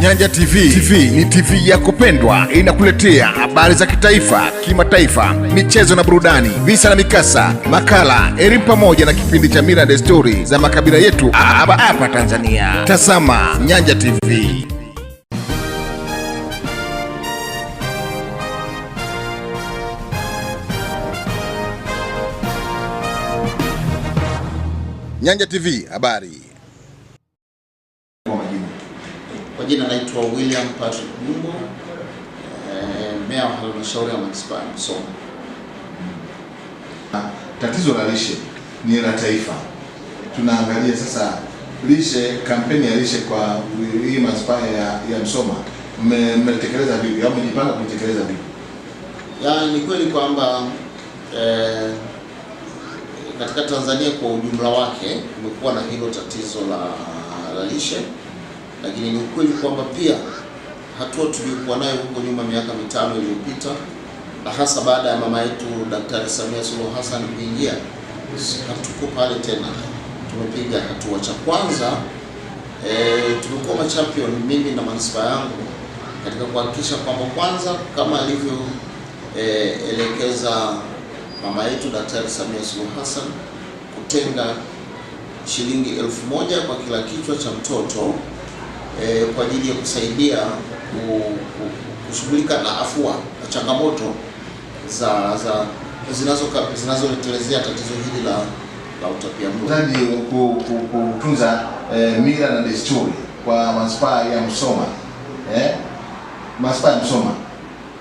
Nyanja TV. TV ni TV yako pendwa, inakuletea habari za kitaifa, kimataifa, michezo na burudani, visa na mikasa, makala, elimu pamoja na kipindi cha mila na desturi za makabila yetu hapa hapa Tanzania. Tazama Nyanja TV. Nyanja TV habari. majina anaitwa William Patrick Mungu, eh, meya wa halmashauri ya manispaa ya Musoma. Ah, tatizo la lishe ni la taifa. Tunaangalia sasa lishe, kampeni ya lishe kwa hii manispaa ya, ya Musoma, mmetekeleza vipi au mmejipanga kuitekeleza vipi? Ya, ni kweli kwamba eh, katika Tanzania kwa ujumla wake kumekuwa na hilo tatizo la, la lishe lakini ni ukweli kwamba pia hatua tuliyokuwa nayo huko nyuma miaka mitano iliyopita na hasa baada ya mama yetu Daktari Samia Suluhu Hassan kuingia, hatuko pale tena, tumepiga hatua. Cha kwanza e, tumekuwa machampion mimi na manispaa yangu katika kuhakikisha kwamba kwanza, kama alivyoelekeza eh, e, mama yetu Daktari Samia Suluhu Hassan kutenga shilingi elfu moja kwa kila kichwa cha mtoto e, kwa ajili ya kusaidia kushughulika na afua na changamoto za za zinazoletelezea tatizo hili la la utapiamlo. Kutunza eh, mila na desturi kwa manispaa ya Musoma eh, manispaa ya Musoma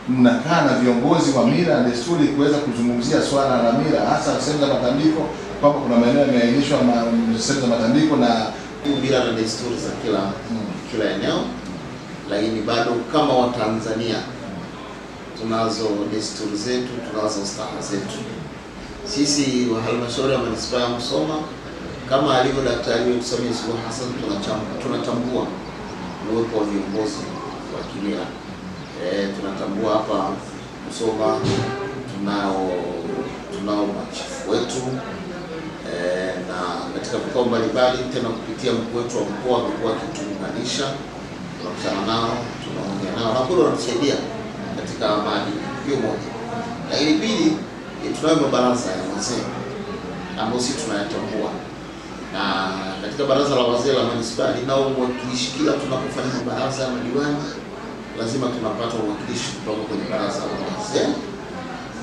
mnakaa na viongozi wa mila na desturi kuweza kuzungumzia swala la mila, hasa sehemu za matambiko, kwamba kuna maeneo yameainishwa sehemu za matambiko na mila na desturi za kila hmm kila eneo, lakini bado kama Watanzania tunazo desturi zetu, tunazo staha zetu. Sisi wa halmashauri ya manispaa ya Musoma kama alivyo daktari wetu Samia Suluhu Hassan tunatambua uwepo wa viongozi wa kimila e, tunatambua hapa Musoma tunao tunao machifu wetu katika vikao mbalimbali, tena kupitia mkuu wetu wa mkoa amekuwa akituunganisha, tunakutana nao, tunaongea nao na kule wanatusaidia katika amani. Hiyo moja, lakini pili, eh, tunayo mabaraza ya wazee ambayo sisi tunayatambua na katika baraza la wazee la manispaa linao uwakilishi. Kila tunapofanya mabaraza ya madiwani, lazima tunapata uwakilishi kutoka kwenye baraza la wazee,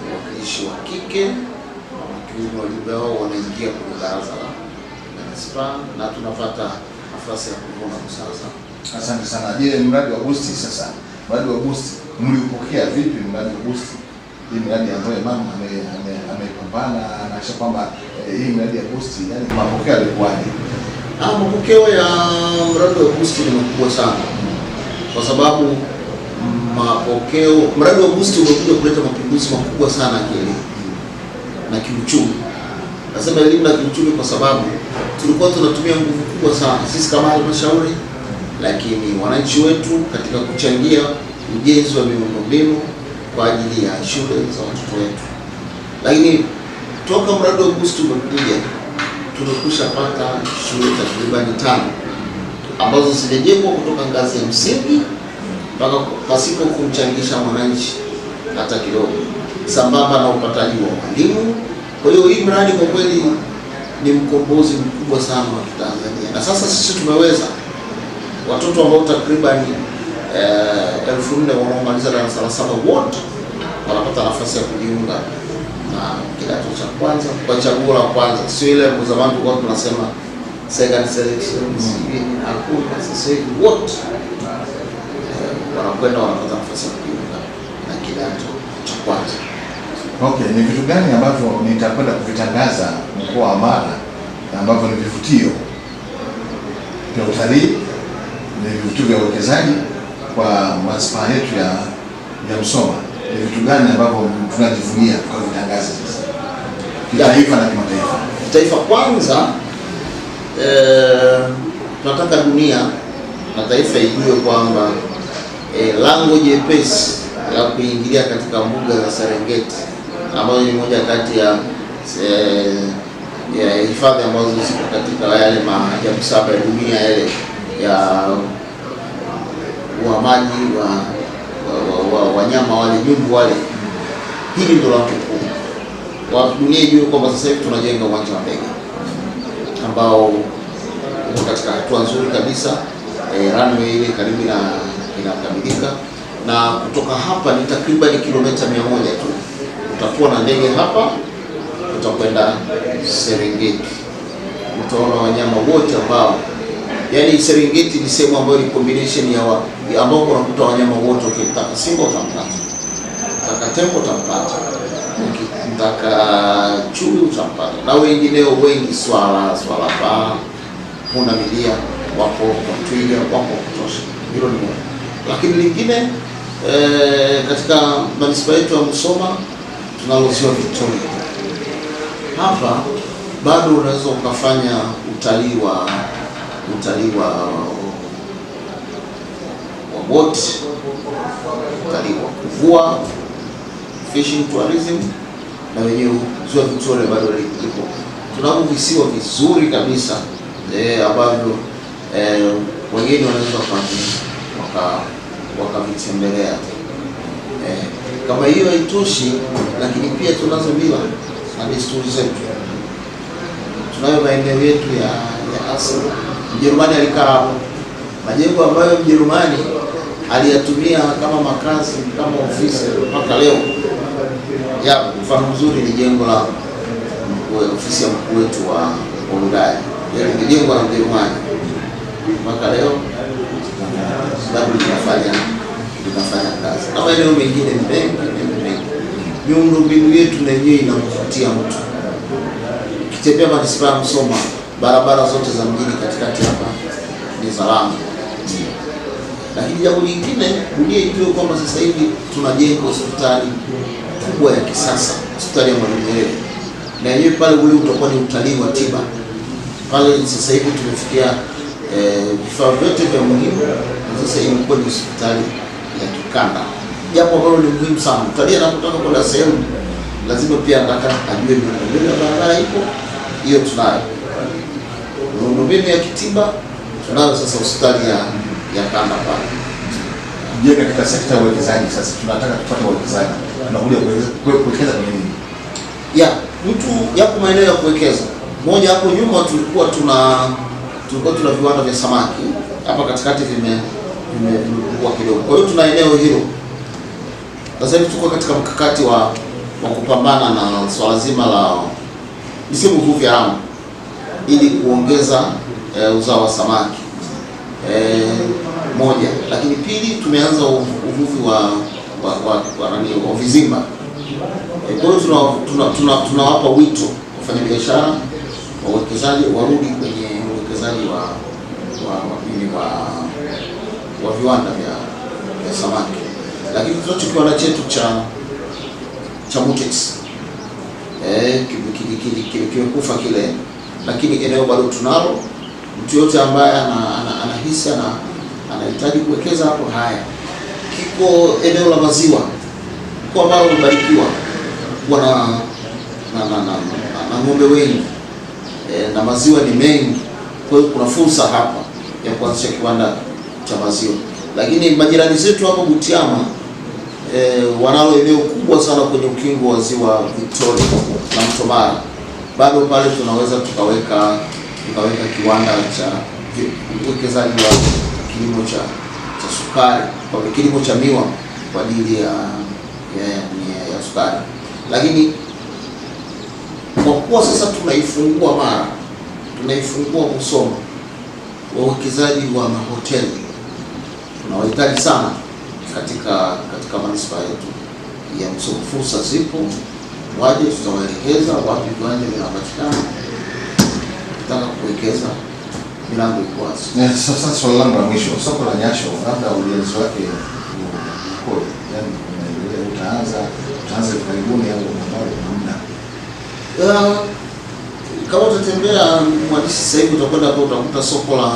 uwakilishi wa kike na wa wajumbe wao wanaingia kwenye baraza la manispaa na tunapata nafasi ya kuvuna busara. Asante sana. Je, mradi wa Busti sasa, mradi wa Busti mliupokea vipi? Mradi wa Busti hii mradi ambayo mama amepambana anaisha kwamba eh, hii mradi ya Busti, yani mapokeo yalikuwaje? Ah, mapokeo ya mradi wa Busti ni makubwa sana kwa sababu mapokeo mradi wa Busti umekuja kuleta mapinduzi makubwa sana akili na kiuchumi, nasema elimu na kiuchumi kwa sababu tulikuwa tunatumia nguvu kubwa sana sisi kama halmashauri, lakini wananchi wetu katika kuchangia ujenzi wa miundombinu kwa ajili ya shule za watoto wetu. Lakini toka mradi wa BOOST umekuja tumekushapata pata shule takribani tano ambazo zimejengwa kutoka ngazi ya msingi mpaka pasipo kumchangisha mwananchi hata kidogo, sambamba na upataji wa walimu. Kwa hiyo hii mradi kwa kweli ni mkombozi mkubwa sana wa Tanzania, na sasa sisi tumeweza watoto ambao takriban eh, elfu nne wanaomaliza darasa la saba wote wanapata nafasi ya kujiunga na kidato cha kwanza kwa chaguo la kwanza, sio ile zamani tulikuwa tunasema second selection. Mm. Hakuna sasa hivi, wote eh, wanakwenda wanapata nafasi ya kujiunga na kidato cha kwanza. Okay, ni vitu gani ambavyo nitakwenda kuvitangaza mkoa wa Mara ambavyo ni vivutio vya utalii, ni vivutio vya uwekezaji kwa manispaa yetu ya ya Musoma? Ni vitu gani ambavyo tunajivunia tukavitangaza sasa kitaifa na kimataifa? Kitaifa kwanza, eh, tunataka dunia na taifa ijue kwamba eh, lango jepesi la kuingilia katika mbuga za Serengeti ambayo ni moja kati ya eh, ya hifadhi ambazo ziko katika yale maajabu saba ya dunia yale ya uhamaji wa wanyama wa, wale nyumbu wale. Hili ndio la kwa dunia ijue kwamba sasa hivi tunajenga uwanja wa ndege ambao uko katika hatua nzuri kabisa. E, runway ile karibu inakamilika, na kutoka hapa ni takriban kilomita mia moja tu utakuwa na ndege hapa, utakwenda Serengeti, utaona wanyama wote ambao yani Serengeti ni sehemu ambayo ni combination ya ambao unakuta wanyama wote. Ukitaka simba utampata, utaka tembo utampata, ukitaka chui utampata na wengineo wengi, swala swala paa, punda milia wapo, twiga wapo kutosha. Hilo ni moja, lakini lingine e, katika manispaa yetu ya Musoma nalo ziwa Victoria. Hapa bado unaweza ukafanya utalii wa utalii wa wa boat, utalii wa kuvua, fishing tourism, na wenyewe ziwa Victoria bado lipo. Tunavyo visiwa vizuri kabisa eh, ambavyo eh, wageni wanaweza wakavitembelea eh. Kama hiyo haitoshi, lakini pia tunazo mila na desturi zetu, tunayo maeneo yetu ya, ya asili. Mjerumani alikaa hapo, majengo ambayo Mjerumani aliyatumia kama makazi kama ofisi mpaka leo ya mfano mzuri ni jengo la ofisi ya mkuu wetu wa Bulgaria lilijengwa yaani na Mjerumani mpaka leo bado linafanya tunafanya kazi, na maeneo mengine mengi mengi Miundombinu yetu na yenyewe inakufuatia mtu. Ukitembea manispaa ya Msoma, barabara zote za mjini katikati hapa ni salama. lakini jambo lingine uliyejua kwamba sasa hivi tunajenga hospitali kubwa ya kisasa, hospitali ya Mwalimu Nyerere, na yenyewe pale ule utakuwa ni utalii wa tiba pale. Sasa hivi tumefikia eh, vifaa eh, vyote vya muhimu, sasa imekuwa ni hospitali kikanda, japo ambalo ni muhimu sana. Mtalii anapotoka kwenda sehemu lazima pia anataka ajue miundombinu ya barabara ipo, hiyo tunayo. Miundombinu ya kitiba tunayo, sasa hospitali ya ya kanda pale. Je, katika sekta ya uwekezaji sasa tunataka kupata uwekezaji na ule kuwekeza kwenye nini? Ya, mtu yako maeneo ya kuwekeza. Moja hapo nyuma tulikuwa tuna tulikuwa tuna viwanda vya samaki hapa katikati vime tumepungua kidogo. Kwa hiyo tuna eneo hilo. Sasa hivi tuko katika mkakati wa, wa kupambana na swala zima la misimu uvuvi haramu ili kuongeza e, uzao wa samaki e, moja, lakini pili tumeanza uvuvi wa wa, wa, wa, nani, wa vizimba. Eh, kwa hiyo tunawapa tuna, tuna, tuna wito wafanyabiashara, wawekezaji warudi kwenye uwekezaji wa wa, wa, wa wa viwanda vya, vya samaki, lakini tunacho kiwanda chetu cha cha Mutex eh, kimekufa kile, lakini eneo bado tunalo. Mtu yote ambaye anahisi ana, ana, anahitaji kuwekeza hapo, haya kiko eneo la maziwa kwa ambalo umebarikiwa kuwa na na, na, na, na ng'ombe wengi e, na maziwa ni mengi, kwa hiyo kuna fursa hapa ya kuanzisha kiwanda cha maziwa. Lakini majirani zetu hapo Butiama e, wanalo eneo kubwa sana kwenye ukingo wa ziwa Victoria na mto Mara, bado pale tunaweza tukaweka tukaweka kiwanda cha uwekezaji wa kilimo cha cha sukari kwa kilimo cha miwa kwa ajili ya ya, ya, ya sukari. Lakini kwa kuwa sasa tunaifungua Mara, tunaifungua Musoma, wawekezaji wa mahoteli tunawahitaji sana katika katika manispaa yetu ya Musoma. Fursa zipo, waje, tutawaelekeza wapi viwanja vinapatikana. Nataka kuwekeza milango iko wazi. Sasa swali langu la mwisho, soko la Nyasho, labda ujenzi wake utaanza utaanza karibuni au kama utatembea mwadisi sasa hivi utakwenda utakuta soko la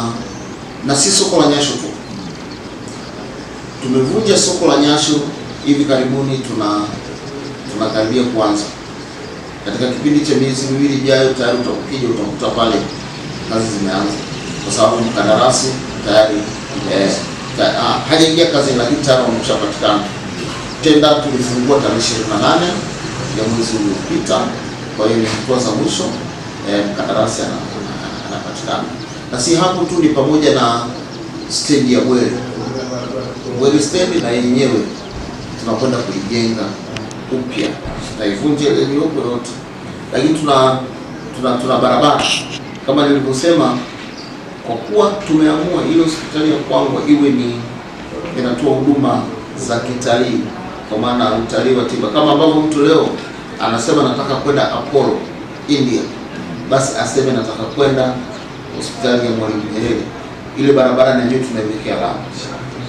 na si soko la Nyasho tu Tumevunja soko la Nyasho hivi karibuni, tuna tunakaribia kuanza katika kipindi cha miezi miwili ijayo, tayari utakukija utakuta pale kazi zimeanza, kwa sababu mkandarasi tayari eh, ah, hajaingia kazi lakini tayari wameshapatikana. Tenda tulifungua tarehe 28 ya mwezi uliopita, kwa hiyo ni hatua za mwisho eh, mkandarasi anapatikana, na si hapo tu, ni pamoja na stendi ya Bwere Kongweni stendi na yenyewe tunakwenda kuijenga upya, tutaivunja ile iliyopo yote, lakini tuna tuna tuna barabara kama nilivyosema, kwa kuwa tumeamua ile hospitali ya Kwangwa iwe ni inatoa huduma za kitalii, kwa maana utalii wa tiba, kama ambavyo mtu leo anasema nataka kwenda Apollo India, basi aseme nataka kwenda hospitali ya Mwalimu Nyerere. Ile barabara na yenyewe tunaiwekea lami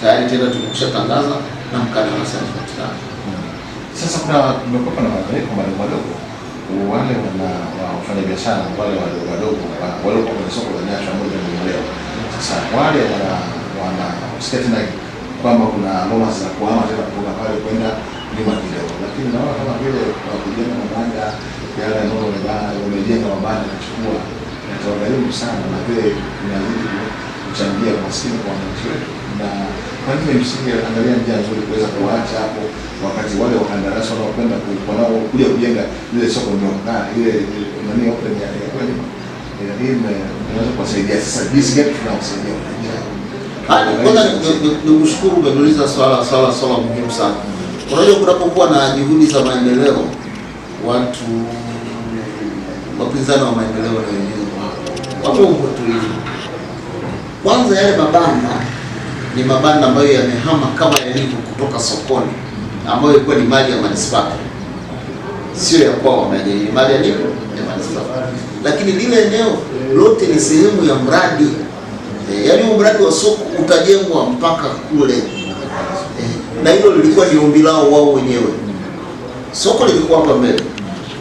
tayari tena tumekusha tangaza na mkandarasi anapatikana. Sasa kuna kumekuwa na mabadiliko madogo wale wana wafanya biashara wale wadogo wadogo waliokuwa kwenye soko la nyasha moja na leo sasa, wale wana wana sketi na kwamba kuna ngoma za kuhama tena kutoka pale kwenda nyuma kidogo, lakini naona kama vile kwa kujenga mabanda yale ambao wamejenga mabanda kachukua na sana, na vile inazidi kuchangia maskini kwa wananchi wetu na kwa nini msingi angalia njia nzuri kuweza kuacha hapo, wakati wale wakandarasi wanaokwenda kwa nao kuja kujenga ile soko ndio na ile nani open ya ya kweli ya hii inaweza kuwasaidia sasa jinsi gani tunawasaidia ah, kwanza Nikushukuru, kushukuru umeuliza swala swala swala muhimu sana. Unajua, kunapokuwa na juhudi za maendeleo, watu wapinzani wa maendeleo na wenyewe wapo tulivu. Kwanza yale mabanda ni mabanda ambayo yamehama kama yalivyo kutoka sokoni, ambayo ilikuwa ni mali ya manispaa, sio ya kwao, ni mali nini? ya manispaa. Lakini lile eneo lote ni sehemu ya mradi e, yaani mradi wa soko utajengwa mpaka kule e, na hilo lilikuwa ni ombi lao wao wenyewe. Soko lilikuwa hapa mbele,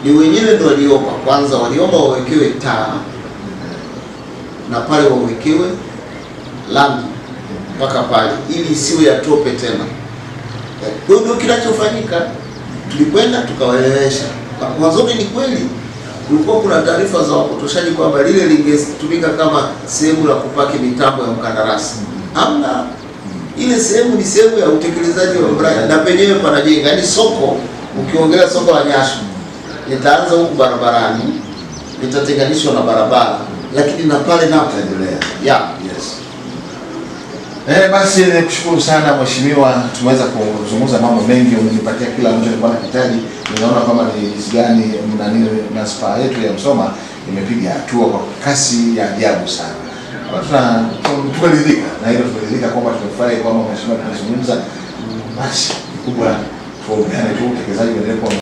ni wenyewe ndio waliomba kwanza, waliomba wawekewe taa na pale wawekewe lami mpaka pale, ili isiwe ya tope tena. Kwa hiyo kinachofanyika, tulikwenda tukawaelewesha. Mwanzoni ni kweli kulikuwa kuna taarifa za wapotoshaji kwamba lile lingetumika kama sehemu la kupaki mitambo ya mkandarasi. Hamna, ile sehemu ni sehemu ya utekelezaji wa mradi na penyewe panajenga, yaani soko. Ukiongelea soko la Nyasho litaanza huku barabarani, litatenganishwa na barabara, lakini na pale napo endelea yeah. yes Eh, basi nikushukuru eh, sana mheshimiwa, tumeweza kuzungumza mambo mengi, umenipatia kila ambacho nilikuwa nakihitaji. Ninaona kwamba ni jinsi gani manispaa yetu ya Msoma imepiga hatua kwa kasi ya ajabu sana. Tunaridhika na hilo, tunaridhika kwamba tumefurahi kwamba mheshimiwa tunazungumza, basi kubwa tuombeane tu utekelezaji uendelee.